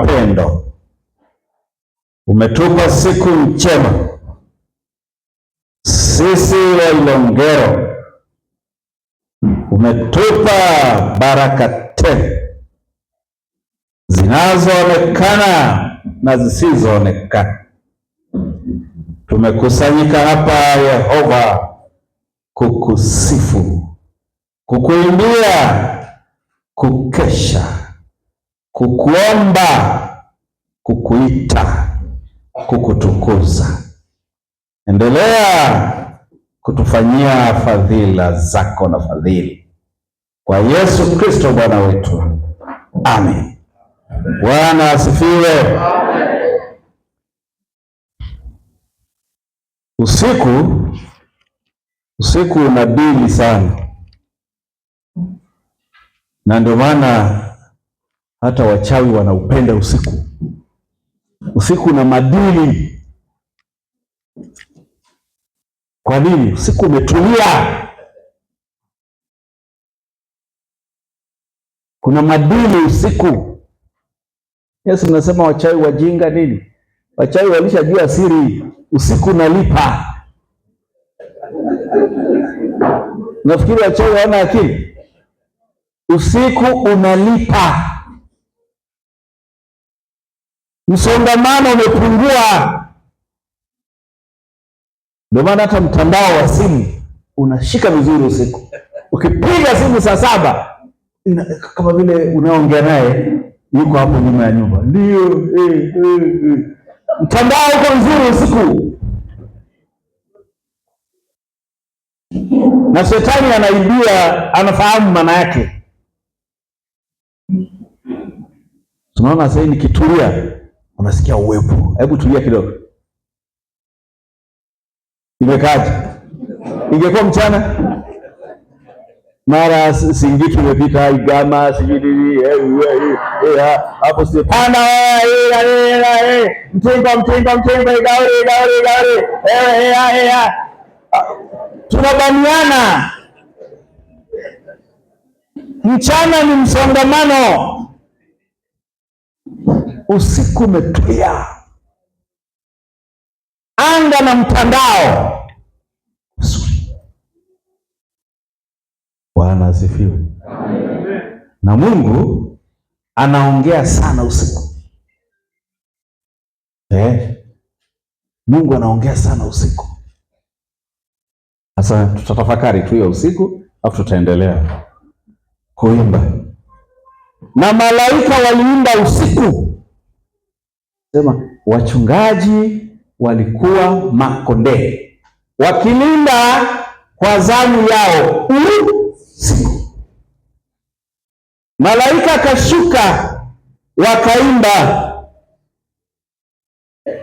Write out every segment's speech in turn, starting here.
Mapendo, umetupa siku njema sisi wa Ilongero, umetupa baraka tele zinazoonekana na zisizoonekana. Tumekusanyika hapa Yehova, kukusifu, kukuimbia, kukesha kukuomba, kukuita, kukutukuza. Endelea kutufanyia fadhila zako na fadhili kwa Yesu Kristo Bwana wetu, amen. Bwana asifiwe. Usiku usiku unadili sana, na ndio maana hata wachawi wanaupenda usiku. Usiku na madili. Kwa nini? Usiku umetulia. Kuna madini usiku. Yesu nasema wachawi wajinga nini? Wachawi walishajua siri, usiku nalipa. Nafikiri wachawi hawana akili. Usiku unalipa msongamano umepungua. Ndio maana hata mtandao wa simu unashika vizuri usiku. Ukipiga simu saa saba kama vile unaongea naye yuko hapo nyuma ya nyumba, ndio eh, eh, eh. Mtandao uko vizuri usiku, na shetani anaibia, anafahamu maana yake. Tunaona sasa nikitulia unasikia uwepo. Hebu tulia kidogo, imekaaje? Ingekuwa mchana mara Singitu imepita Igama, sijui eh, eh, eh, hapo, si pana Mtumba, Mtumba, Mtumba, Igauri, Igauri, Igauri, ah, tunabaniana. Mchana ni msongamano usiku umetulia, anga na mtandao Bwana asifiwe. Na Mungu anaongea sana usiku eh? Mungu anaongea sana usiku. Sasa tutatafakari tu hiyo usiku, afu tutaendelea kuimba. Na malaika waliimba usiku sema wachungaji walikuwa makondee wakilinda kwa zamu yao usiku. Malaika akashuka wakaimba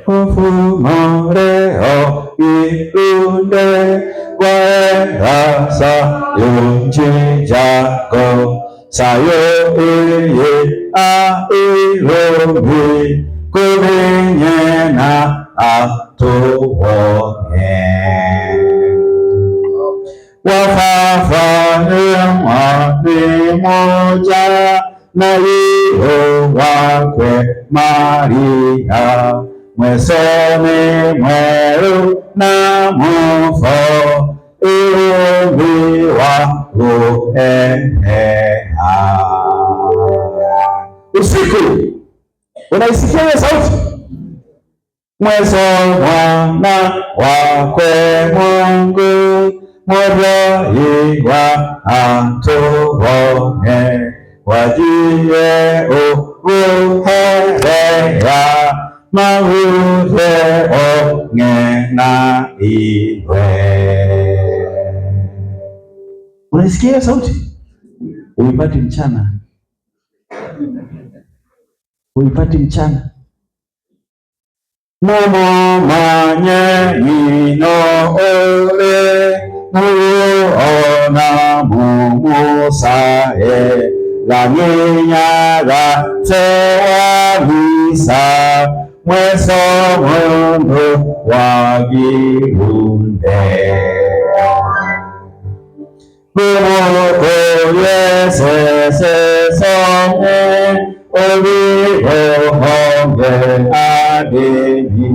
ufumo leo ilunde kwenda Sayuni nchi yako Sayuni kumenyena atuone wafafanua ni moja na hiyo wakwe Maria mwesoni mweru na mufo iumbi wa kuenea usiku Unaisikia hiyo sauti? Mwezo mwana wakwe Mungu moroi atuone wajie ubuherea maure ong'e na iwe. Unaisikia hiyo sauti? Uipati mchana Huipati mchana. Nomo manye ino ole Nuru ona mumu sae La niña la tewa misa Mueso mundo wagirunde Nomo koye se se songe ovihohonge adebi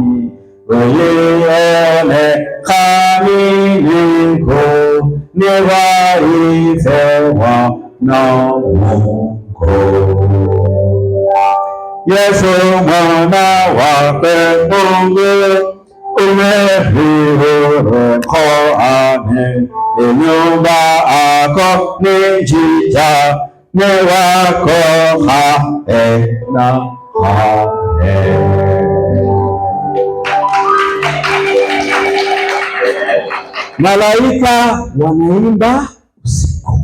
oyeone kamiliko niwaizewa na Mungu. Yesu mwana wake Mungu umehurure koane, nyumba yako ni njia ni wako haena hae. Malaika wanaimba usiku,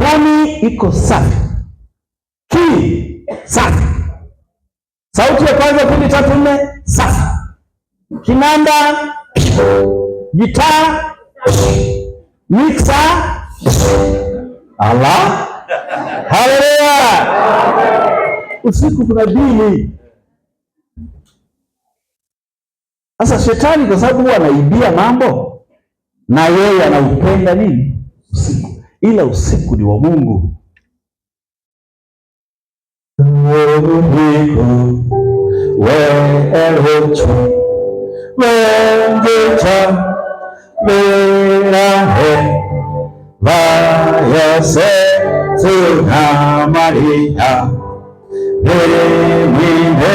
kani iko safi, ki safi, sauti ya kwanza pili tatu nne safi, kinanda, gitaa, miksa Allah. Haleluya! Usiku kuna dini. Sasa shetani kwa sababu huwa anaibia mambo, na yeye anaupenda nini usiku, ila usiku ni wa Mungu. wewe Yosefu na Maria bilinilelewa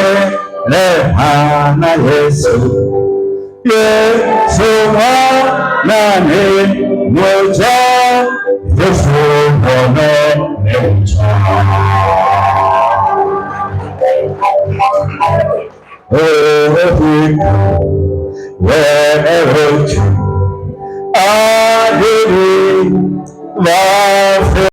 na Yesu. Yesu mwanani mmoja, Yesu mwanani mmoja.